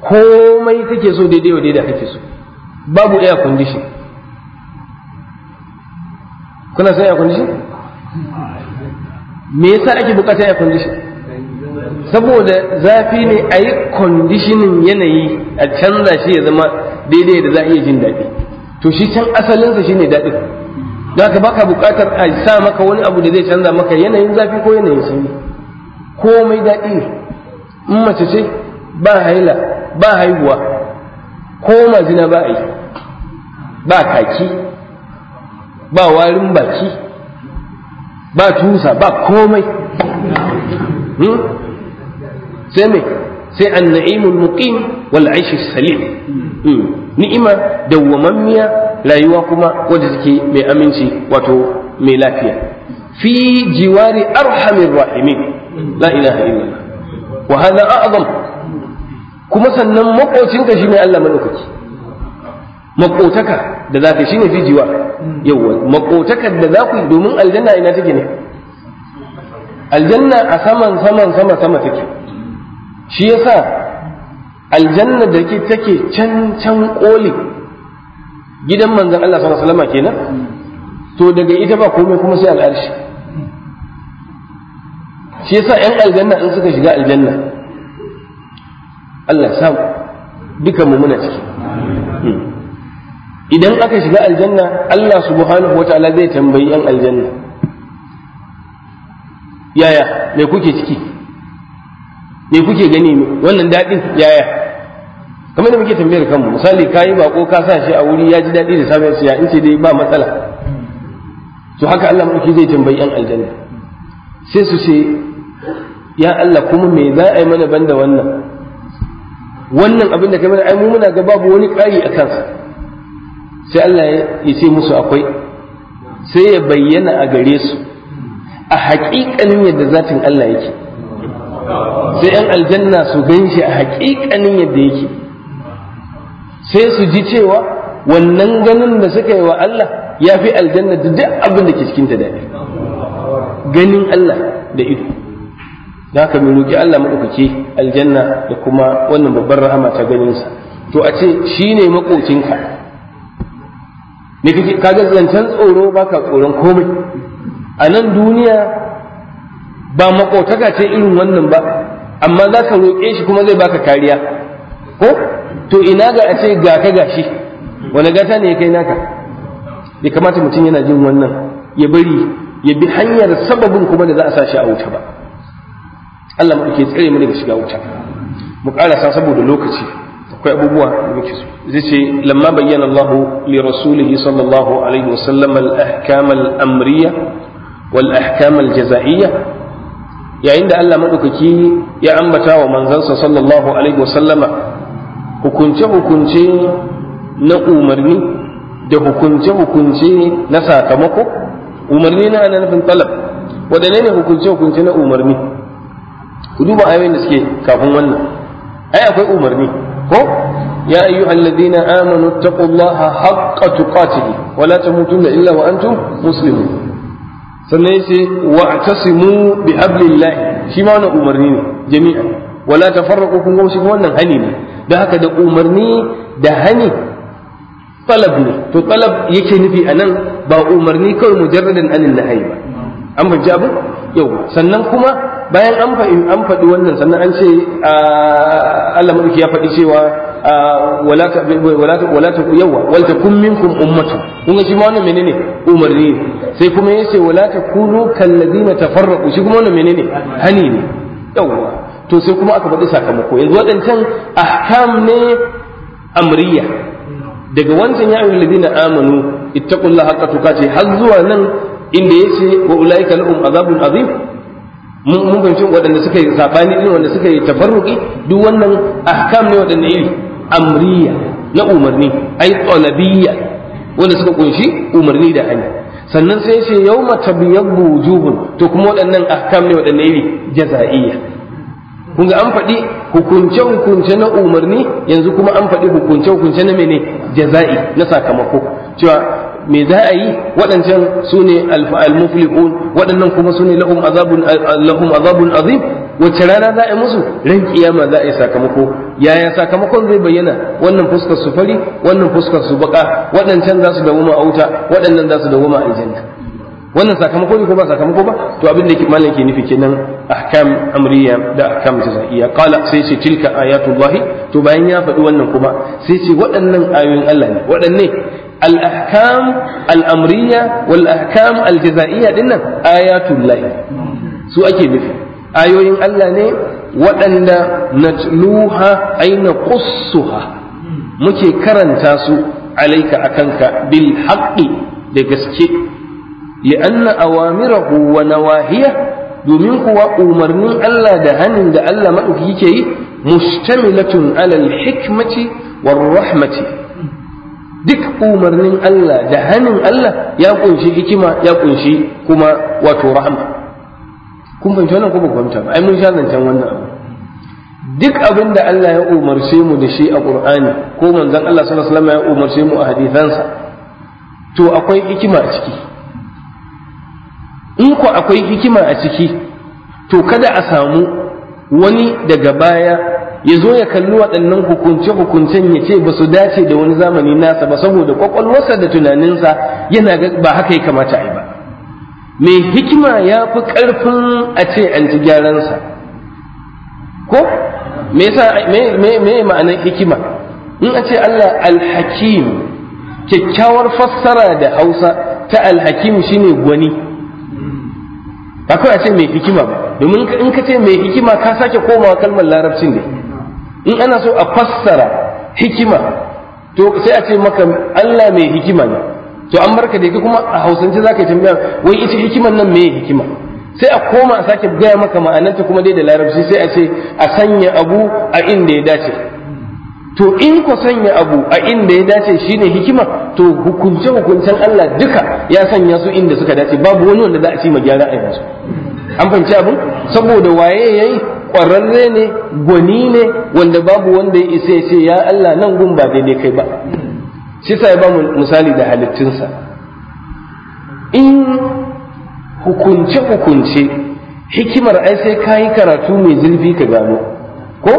komai kake so daidai wa daidai kake so babu air condition kuna son air condition me yasa ake bukatar air condition saboda zafi ne a yi conditioning yanayi a canza shi ya zama daidai da za a iya jin daɗi to shi can asalinsa shi ne daɗin da ka baka bukatar a sa maka wani abu da zai canza maka yanayin zafi ko yanayin sanyi komai daɗi in mace ce ba haila ba haihuwa ko majina ba yi ba kaki ba warin baki ba tusa ba komai hmm? sai mai sai an na'imul muqim wal aishi salim hmm. ni'ima dawwamammiya rayuwa kuma wanda take mai aminci wato mai lafiya fi jiwari arhamir rahimin la ilaha illallah wa hadha a'zam kuma sannan makocinka shine Allah madaukaki makotaka da za ka shine fi jiwa yawa makotakar da za ku yi domin aljanna ina take ne aljanna a saman saman sama sama take shi yasa aljanna da take can can koli gidan manzan Allah sallallahu alaihi kenan to daga ita ba komai kuma sai al'arshi shi yasa yan aljanna in suka shiga aljanna Allah sa duka mu muna ciki idan aka shiga aljanna Allah subhanahu wataala zai tambayi yan aljanna yaya me kuke ciki me kuke gani wannan daɗin yaya kamar da muke tambayar kanmu misali ka yi bako ka sa shi a wuri ya ji daɗi da samun siya in ce dai ba matsala to haka Allah mulki zai tambayi yan aljanna sai su ce ya Allah kuma me za a yi mana banda wannan wannan abin da kamar mana ai mu muna ga babu wani ƙari a kansa sai Allah ya ce musu akwai sai ya bayyana a gare su a haƙiƙanin yadda zatin Allah yake sai yan aljanna su gan shi a haƙiƙanin yadda yake sai su ji cewa wannan ganin da suka yi wa Allah ya fi aljanna da duk abin da ke cikin ta daɗi ganin Allah da ido da ka mai roki Allah maɗaukaki aljanna da kuma wannan babbar rahama ta ganinsa to a ce shi ne maƙocinka ka kaga zancen tsoro baka tsoron komai a nan duniya ba maƙotaka ce irin wannan ba amma za ka roƙe shi kuma zai baka kariya ko to ina ga a ce ga ka gashi wani gata ne kai naka Ya kamata mutum yana jin wannan ya bari ya bi hanyar sababin kuma da za a sa shi a wuta ba Allah mu ke tsare mu daga shiga wuta mu karasa saboda lokaci akwai abubuwa da muke so zai ce lamma bayyana Allah li rasulihi sallallahu alaihi wasallam al-ahkam al amriya, wal ahkam al-jazaiyya yayin da Allah maɗaukaki ya ambata wa manzansa sallallahu alaihi sallama. hukunce-hukunce na umarni da hukunce-hukunce na sakamako umarni na ana nufin talab waɗanne ne hukunce-hukunce na umarni ku duba ayoyin da suke kafin wannan ai akwai umarni ko ya ayyu alladhina amanu taqullaha haqqa tuqatihi wa la tamutunna illa wa antum muslimun sannan yace wa'tasimu bi hablillahi shi ma wannan umarni ne jami'a wala tafarraqu kun ga wannan hani ne da haka da umarni da hani talab ne to talab yake nufi a nan ba umarni kawai mujarradin anin nahayi ba an fahimci abu yau sannan kuma bayan an an faɗi wannan sannan an ce Allah madauki ya faɗi cewa wala ta wala ta shi menene umarni sai kuma yace wala takunu kal ladina hani ne to sai kuma aka faɗi sakamako yanzu waɗancan ahkam ne amriya daga wancan ya ayyuhal ladina amanu ittaqullaha haqqa tuqatih har zuwa nan inda yace wa ulaika lahum azabun azim mun fahimci waɗanda suka yi saɓani ɗin wanda suka yi tafarruki duk wannan ahkam ne waɗanda yi amriya na umarni ai talabiyya wanda suka kunshi umarni da hanya sannan sai ce yau mata biyar wujuhun to kuma waɗannan ahkam ne waɗanda yi jaza'iyya kun an faɗi hukunce hukunce na umarni yanzu kuma an faɗi hukunce hukunce na mene jaza'i na sakamako cewa me za a yi waɗancan su ne al-muflihun waɗannan kuma su ne lahum azabun azim wacce rana za a yi musu ran kiyama za a yi sakamako yaya sakamakon zai bayyana wannan fuskar su fari wannan fuskar su baka waɗancan za su dawo ma auta, waɗannan za su dawo ma aljanna wannan sakamako ne ko ba sakamako ba to abin da malam ke nufi kenan ahkam amriya da ahkam jazaiya qala sai ce tilka ayatullahi to bayan ya faɗi wannan kuma sai ce waɗannan ayoyin Allah ne waɗanne al-ahkam al-amriya wal ahkam al-jazaiya dinnan ayatullahi su ake nufi ayoyin Allah ne waɗanda natluha aina qussuha muke karanta su alaika akanka bil haqqi da gaske لأن أوامره ونواهيه domin kuwa umarnin Allah da hannun da Allah maɗauki yake yi mustamilatun alal hikmati war rahmati duk umarnin Allah da hannun Allah ya kunshi hikima ya kunshi kuma wato rahma kun fahimci wannan ko ba fahimta ba ai mun sha zancen wannan abu duk abin Allah ya umarce mu da a Qur'ani ko manzon Allah sallallahu ya umarce mu a hadisansa to akwai hikima a ciki in ku akwai hikima a ciki to kada a samu wani daga baya ya zo ya kalli waɗannan hukunce-hukuncen ya ce ba su dace da wani zamani nasa ba saboda kwakwalwarsa da tunaninsa yana ba haka ya kamata a yi ba mai hikima ya fi ƙarfin a ce an ji gyaransa ko me me ma'anar hikima in a ce Allah alhakim kyakkyawar fassara da hausa ta alhakim shine gwani ba kawai a ce mai hikima ba domin in ka ce mai hikima ka sake komawa kalmar larabcin ne in ana so a fassara hikima to sai a ce maka Allah mai hikima ne to an barka da kuma a hausance za ka yi tambaya wai ita hikiman nan mai hikima sai a koma a sake gaya maka ma'anarta kuma dai da larabci sai a ce a sanya abu a inda ya dace to in ku sanya abu a inda ya dace shine hikima to hukunce hukuncen Allah duka ya sanya su inda suka dace babu wani wanda za a ci ma gyara a yanzu an fahimci abin saboda waye yayi kwararre ne gwani ne wanda babu wanda ya isa ya ce ya Allah nan gun ba daidai kai ba shi sai ba misali da halittunsa in hukunce hukunce hikimar ai sai kayi karatu mai zurfi ka gano ko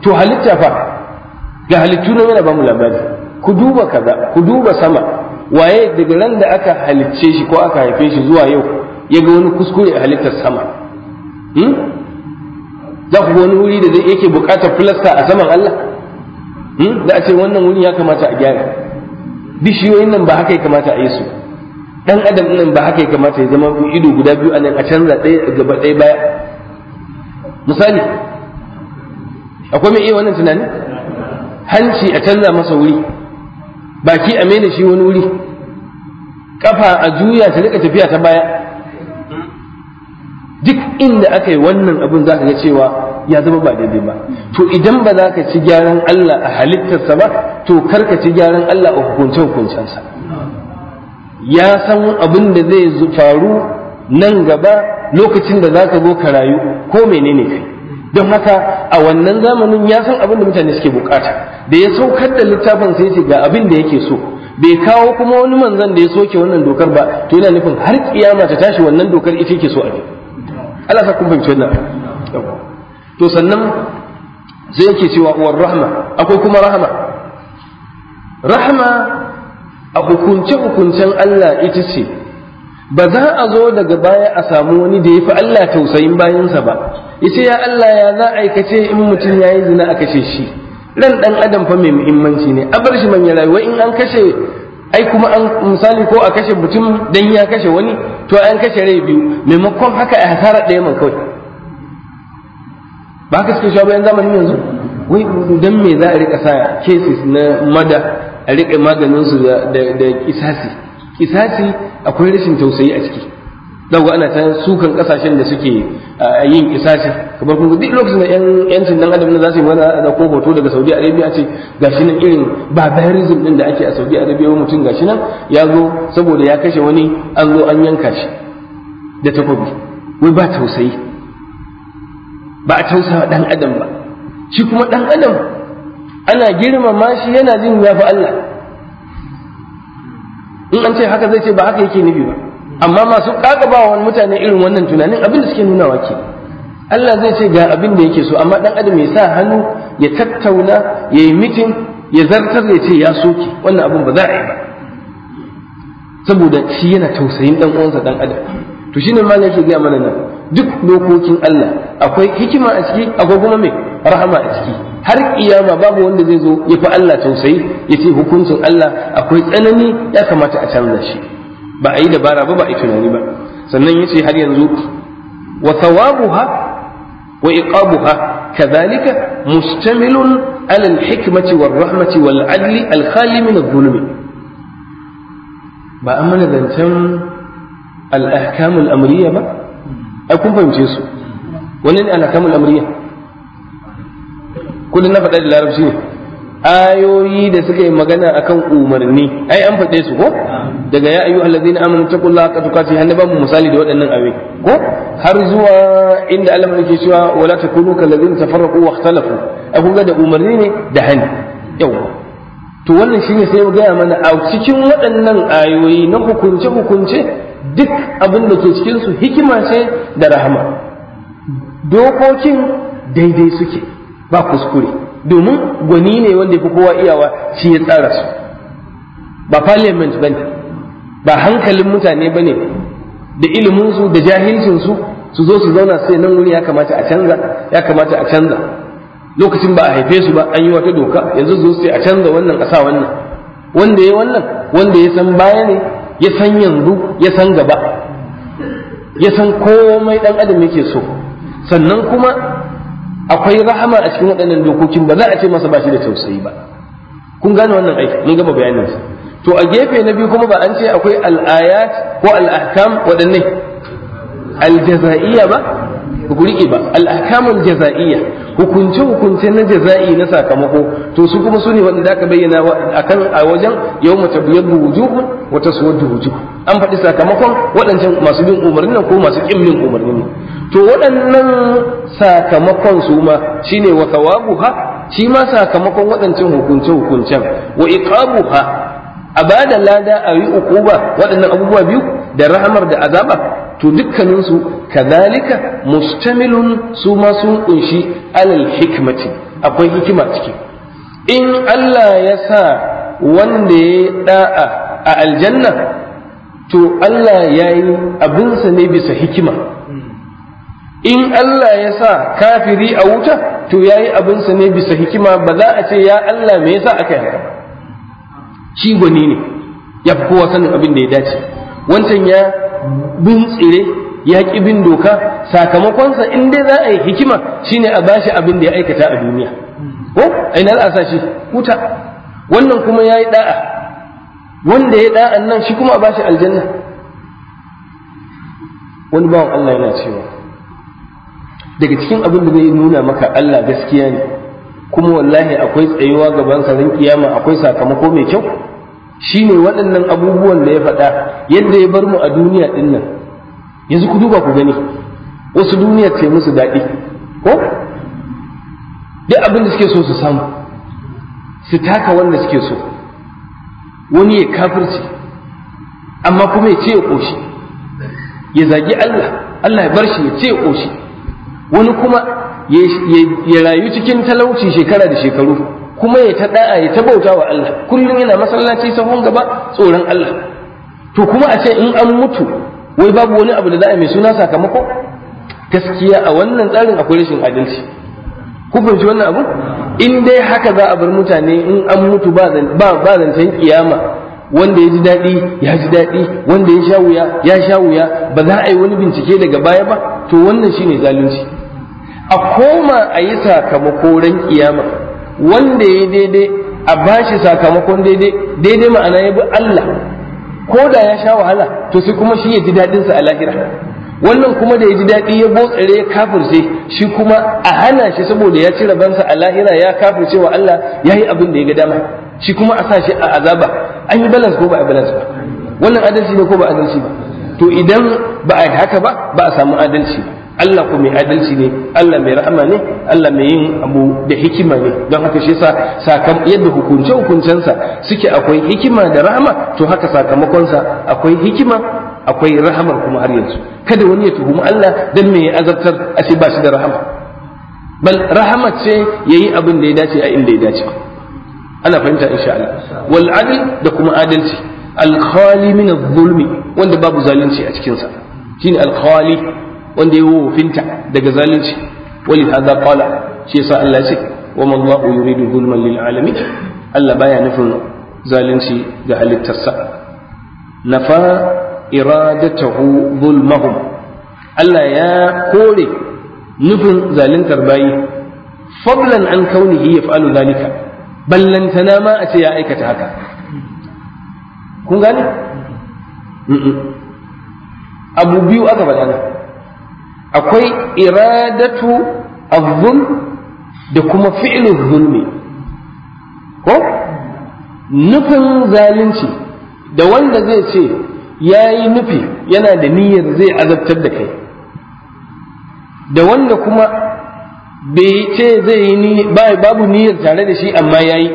to halitta fa ga halittu na yana ba mu labari ku duba kaza ku duba sama waye daga ran da aka halicce shi ko aka haife shi zuwa yau ya ga wani kuskure a halittar sama hmm? za ku wani wuri da zai yake buƙatar filasta a saman Allah da hmm? a ce wannan wuri ya kamata a gyara bishiyoyin nan ba haka ya kamata a yi su dan adam nan ba haka ya kamata ya zama ido guda biyu a nan a canza ɗaya gaba ɗaya baya misali akwai mai iya wannan tunanin hanci a canza masa wuri baki a mene shi wani wuri kafa a juya ta rika tafiya ta baya duk inda aka yi wannan abin za ka ga cewa ya zama ba daidai ba to idan ba za ka ci gyaran Allah a halittarsa ba to kar ka ci gyaran Allah a hukunce hukuncensa ya san abin da zai faru nan gaba lokacin da za ka zo ka rayu ko menene kai don haka a wannan zamanin ya san abin da mutane suke bukata da ya saukar da littafin sai ce ga abin da yake so bai kawo kuma wani manzan da ya soke wannan dokar ba to yana nufin har kiyama ta tashi wannan dokar ita yake so a Allah sa kun fahimci wannan to sannan sai yake cewa uwar rahma akwai kuma rahma rahma a hukunce hukuncen Allah ita ce ba za a zo daga baya a samu wani da ya fi Allah tausayin bayansa ba yace ya Allah ya za a aikace in mutum yayi zina a kashe shi ran dan adam fa mai muhimmanci ne a bar shi man ya rayuwa in an kashe ai kuma an misali ko a kashe mutum dan ya kashe wani to an kashe rai biyu maimakon haka a hasara ɗaya man kawai ba ka suke shawo bayan zamanin yanzu wai dan me za a rika sa cases na mada a rika maganin su da kisasi kisasi akwai rashin tausayi a ciki dawo ana ta sukan kasashen da suke yin kisasi kamar kuma duk lokacin da yan yancin dan adam za su yi mana da ko hoto daga Saudi Arabia ce gashi nan irin barbarism din da ake a Saudi Arabia wa mutum gashi nan ya zo saboda ya kashe wani an zo an yanka shi da takobi wai ba tausayi ba a tausawa dan adam ba shi kuma dan adam ana girmama shi yana jin yafi Allah in an ce haka zai ce ba haka yake nufi ba amma masu kakabawa mutane irin wannan tunanin abin da suke nuna wake Allah zai ce ga abin da yake so amma dan adam ya sa hannu ya tattauna ya yi mitin ya zartar ya ce ya soke wannan abin ba za a yi ba saboda shi yana tausayin dan uwansa dan adam to shine malam yake gaya mana nan duk dokokin Allah akwai hikima a ciki akwai kuma me rahama a ciki har kiyama babu wanda zai zo ya fi Allah tausayi ya ce hukuncin Allah akwai tsanani ya kamata a canza shi ba a yi dabara ba ba a yi tunani ba sannan yace har yanzu wa thawabuha wa iqabuha kadhalika mustamilun ala al-hikmati war-rahmati wal-adli al min adh-dhulmi ba an mana zancen al-ahkam al-amriya ba ai kun fahimce su wannan al-ahkam amriya na faɗa da larabci ayoyi da suka yi magana akan umarni ai an faɗe su ko daga ya ayyuhal ladzina amanu taqullaha haqqa tuqatih hannu ba mu misali da waɗannan ayoyi ko har zuwa inda Allah yake cewa wala takunu kal ladzina tafarraqu wa ikhtalafu ai kun ga da umarni ne da hani Yau. to wannan shine sai mu gaya mana a cikin waɗannan ayoyi na hukunce hukunce duk abin da ke cikin su hikima ce da rahama dokokin daidai suke ba kuskure domin gwani ne wanda fi kowa iyawa shi ya tsara su ba parliament ba ne ba hankalin mutane ba ne da iliminsu da jahilcinsu su zo su zauna sai nan wuri ya kamata a canza ya kamata a canza lokacin ba a haife su ba an yi wata doka yanzu zo sai a canza wannan a sa wannan wanda ya wannan wanda ya san baya ne ya san yanzu ya san gaba ya san komai dan adam yake so sannan kuma akwai rahama a cikin waɗannan dokokin ba za a ce masa ba shi da tausayi ba kun gane wannan aiki mun gama bayanin sa to a gefe na biyu kuma ba an ce akwai al-ayat ko al'ahkam waɗanne aljaza'iyya ba ku ke ba al'ahkamul jaza'iyya hukunce hukunce na jaza'i na sakamako to su kuma sune wanda aka bayyana akan a wajen yau mace biyar wujuhu wata wadda wujuhu an faɗi sakamakon waɗancan masu bin umarnin ko masu ƙin bin umarnin to waɗannan sakamakon su ma shine wa thawabuha shi ma sakamakon waɗancan hukunce hukuncen wa iqabuha a bada lada a yi ukuba waɗannan abubuwa biyu da rahamar da azaba to dukkaninsu kazalika mustamilun su ma sun kunshi alal hikmati akwai hikima ciki in Allah ya sa wanda ya da'a a aljanna to Allah ya yi abinsa ne bisa hikima in Allah ya sa kafiri a wuta to ya yi abinsa ne bisa hikima ba za a ce ya Allah me yasa aka yi haka shi gwani ne ya fi kowa sanin abin da ya dace wancan ya bin tsire, ya ƙi bin doka sakamakonsa in dai za a yi hikima shine a bashi abin da ya aikata a duniya ko ina za a shi wuta wannan kuma ya yi da'a wanda ya da'a nan shi kuma a bashi aljanna wani bawan Allah yana cewa daga cikin abin da zai nuna maka Allah gaskiya ne kuma wallahi akwai tsayuwa gaban sa ran kiyama akwai sakamako mai kyau shine waɗannan abubuwan da ya faɗa yadda ya bar mu a duniya ɗin nan yanzu ku duba ku gani wasu duniya ce musu daɗi ko duk abin da suke so su samu su taka wanda suke so wani ya kafirci amma kuma ya ce ya ƙoshi ya zagi Allah Allah ya bar shi ya ce ya ƙoshi wani kuma ya rayu cikin talauci shekara da shekaru kuma ya ta da'a ya ta bauta wa Allah kullum yana masallaci sahun gaba tsoron Allah to kuma a ce in an mutu wai babu wani abu da za a mai suna sakamako gaskiya a wannan tsarin akwai rashin adalci ku fahimci wannan abu in dai haka za a bar mutane in an mutu ba ba zancen kiyama wanda ya ji daɗi ya ji daɗi wanda ya sha wuya ya sha wuya ba za a yi wani bincike daga baya ba to wannan shine zalunci a koma a yi sakamako ran kiyama wanda ya yi daidai a bashi sakamakon daidai daidai ma'ana ya bi Allah ko da ya sha wahala to sai kuma shi ya ji daɗin sa a lahira wannan kuma da ya ji daɗi ya botsare ya kafirce shi kuma a hana shi saboda ya ci rabansa a lahira ya kafirce wa Allah ya yi abin da ya ga dama shi kuma a sa shi a azaba an yi balance ko ba a balance ba wannan adalci ne ko ba adalci ba to idan ba a yi haka ba ba a samu adalci Allah ku mai adalci ne Allah mai rahama ne Allah mai yin abu da hikima ne don haka shi yasa sakam yadda hukunce hukuncensa suke akwai hikima da rahama to haka sakamakonsa akwai hikima akwai rahamar kuma har yanzu kada wani ya tuhumi Allah dan me ya azabtar a ce ba shi da rahama bal rahama ce yayi abin da ya dace a inda ya dace ana fahimta insha Allah wal adl da kuma adalci alkhali min zulmi wanda babu zalunci a cikinsa shine alkhali wanda ya wofinta daga zalunci wali hadha qala shi yasa Allah ya ce wa ma Allahu yuridu zulman lil alamin Allah baya nufin zalunci ga halittarsa nafa iradatahu zulmahum Allah ya kore nufin zaluntar bayi fadlan an kaunihi yaf'alu zalika ballantana ma a ce ya aikata haka kun gane abu biyu aka faɗa nan akwai iradatu azzul da kuma fi'lu zulmi ko nufin zalunci da wanda zai ce ya yi nufi yana da niyyar zai azabtar da kai da wanda kuma bai ce zai yi babu niyyar tare da shi amma ya yi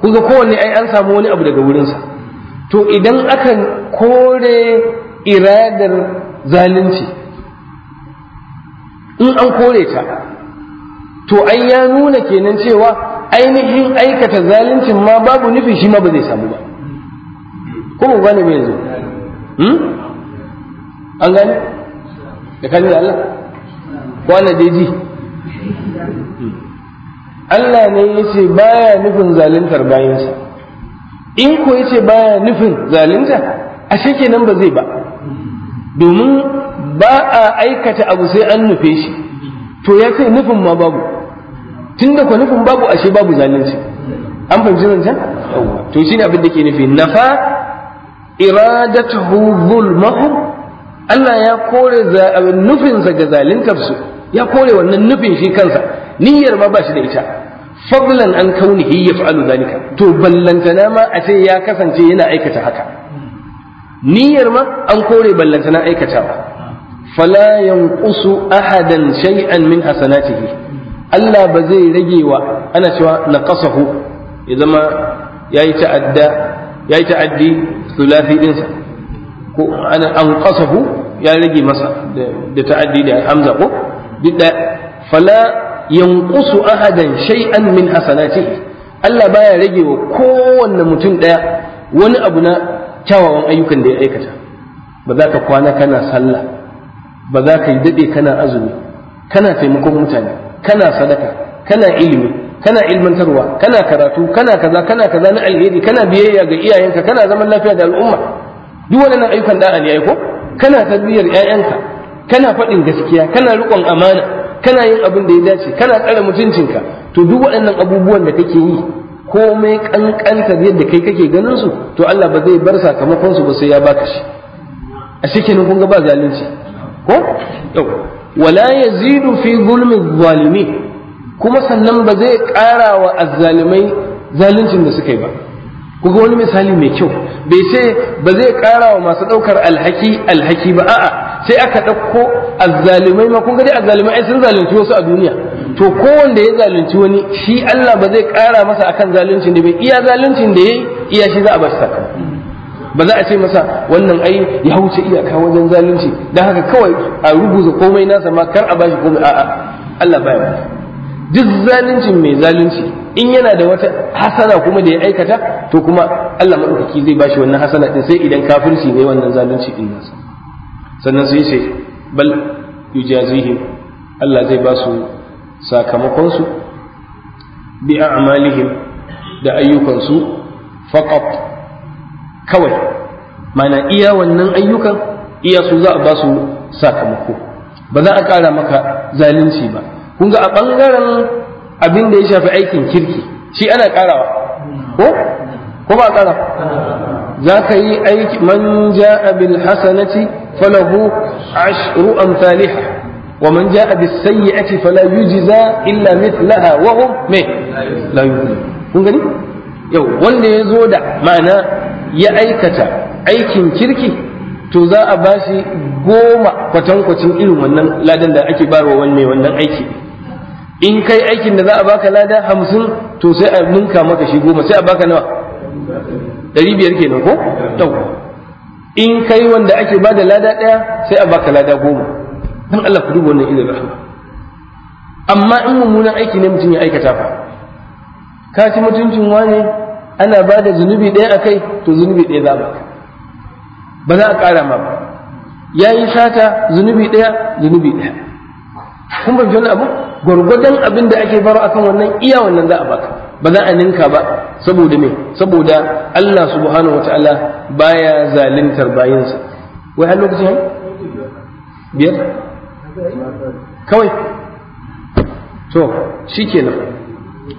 kuga kowanne ai an samu wani abu daga wurinsa to idan aka kore iradar zalunci in an kore ta to ai ya nuna kenan cewa ainihin aikata zaluncin ma babu nufin shi ma ba zai samu ba ko ba gane me yanzu hmm? an gane da kan Allah kwana ji Allah ne ya ce baya nufin zaluntar bayansa in ko ya ce baya nufin zalunta ashe nan ba zai ba domin ba a aikata abu sai an nufe shi to ya ce nufin ma babu tun da nufin babu ashe babu zalunci an fahimci zancen to shine abin da ke nufi nafa iradatuhu zulmahum Allah ya kore nufinsa ga zaluntar su ya kore wannan nufin shi kansa niyyar ma ba shi da ita fadlan an kaunihi yaf'alu zalika to ballantana ma a ce ya kasance yana aikata haka niyyar ma an kore ballantana aikatawa fala yanqusu ahadan shay'an min hasanatihi Allah ba zai rage wa ana cewa naqasahu ya zama yayi ta'adda yayi ta'addi thulathi dinsa ko ana anqasahu ya rage masa da ta'addi da hamza ko duk fala yanqusu ahadan shay'an min hasanatihi Allah baya rage wa kowanne mutum ɗaya wani abu na kyawawan ayyukan da ya aikata ba za ka kwana kana sallah ba za ka yi daɗe kana azumi kana taimakon mutane kana sadaka kana ilimi kana ilmantarwa kana karatu kana kaza kana kaza na alheri kana biyayya ga iyayenka kana zaman lafiya da al'umma duk na ayyukan da'a ne aiko kana tarbiyyar 'ya'yanka kana faɗin gaskiya kana riƙon amana kana yin abin da ya dace kana tsare mutuncinka to duk waɗannan abubuwan da kake yi komai kankanta yadda kai kake ganin su to Allah ba zai bar sakamakon su ba sai ya baka shi a cikin kun ga ba zalunci ko yau wala yazidu fi zulmi zalimi kuma sannan ba zai ƙara wa azzalimai zaluncin da suka yi ba ku ga wani misali mai kyau bai ce ba zai ƙara wa masu ɗaukar alhaki alhaki ba a'a sai aka ɗauko azzalimai ma kun ga dai azzalimai ai sun zalunci wasu a duniya to kowanne ya zalunci wani shi Allah ba zai ƙara masa akan zaluncin da bai iya zaluncin da yayi iya shi za a bar saka ba za a ce masa wannan ai ya wuce iyaka wajen zalunci dan haka kawai a rubuta komai nasa ma kar a bashi komai a'a Allah baya ba duk zaluncin mai zalunci in yana da wata hasana kuma da ya aikata to kuma Allah madaukaki zai bashi wannan hasana din sai idan kafirci ne wannan zalunci din nasa sannan sai ce bal yujazihim Allah zai ba su sakamakonsu bi a'malihim da ayyukansu faqat kawai mana iya wannan ayyukan iya su za a ba su sakamako ba za a ƙara maka zalunci ba kun ga a ɓangaren abin da ya shafi aikin kirki shi ana ƙarawa ko ko ba a ƙara za ka yi aiki man ja'a bil hasanati falahu ashru amsalih wa man jaa bis sayyi'ati fala yujza illa mithlaha wa hum me la kun gani yau wanda ya zo da ma'ana ya aikata aikin kirki to za a bashi goma kwatankwacin irin wannan ladan da ake barwa wanne wannan aiki in kai aikin da za a baka lada hamsin to sai a ninka maka shi goma sai a baka nawa ɗari biyar kenan ko yau in kai wanda ake ba da lada ɗaya sai a baka lada goma don Allah ku duba wannan idan rahama amma in mummunan aiki ne mutum ya aikata fa ka ci mutuncin wane ana ba da zunubi ɗaya a kai to zunubi ɗaya za ba ba za a kara ma ba ya yi sata zunubi ɗaya zunubi ɗaya kun ba wani abu gwargwadon abin da ake baro akan wannan iya wannan za a baka ba za a ninka ba saboda me saboda Allah subhanahu Taala baya zalintar bayinsa wai har lokacin biyar kawai to shikenan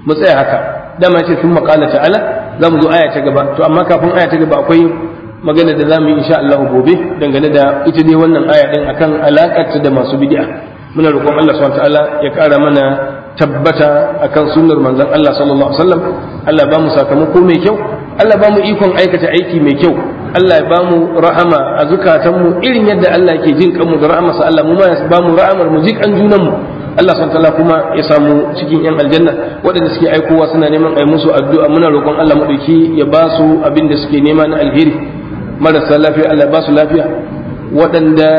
mu tsaya haka dama ce sun maƙala ta'ala za mu zo aya ta gaba to amma kafin aya ta gaba akwai magana da za mu yi insha Allah gobe dangane da ita ne wannan aya din akan alaƙarta da masu bid'a muna roƙon Allah subhanahu ta'ala ya ƙara mana tabbata akan sunnar manzon Allah sallallahu alaihi wasallam Allah ba mu sakamako mai kyau Allah ba mu ikon aikata aiki mai kyau Allah ya ba mu rahama a zukatanmu irin yadda Allah ke jin kanmu da rahamarsa Allah mu ma ba mu rahamar mu jikan mu. Allah san kuma ya samu cikin yan aljanna waɗanda suke aikowa suna neman ai musu addu'a muna roƙon Allah madauki ya ba su abin da suke nema na alheri marasa lafiya Allah ya ba su lafiya waɗanda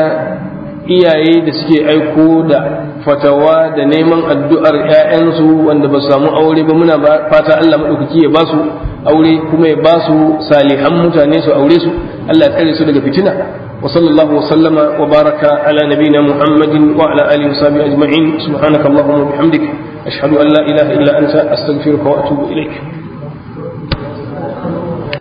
iyaye da suke aiko da fatawa da neman addu'ar 'ya'yansu wanda ba samu aure ba muna fata Allah maɗaukaki ya ba su aure kuma ya ba su salihan mutane su aure su Allah ya tsare su daga fitina wa sallallahu wa sallama wa baraka ala nabina muhammadin wa ala alihi wa sahbihi ajma'in subhanaka allahumma bihamdik ashhadu an la ilaha illa anta astaghfiruka wa atubu ilaik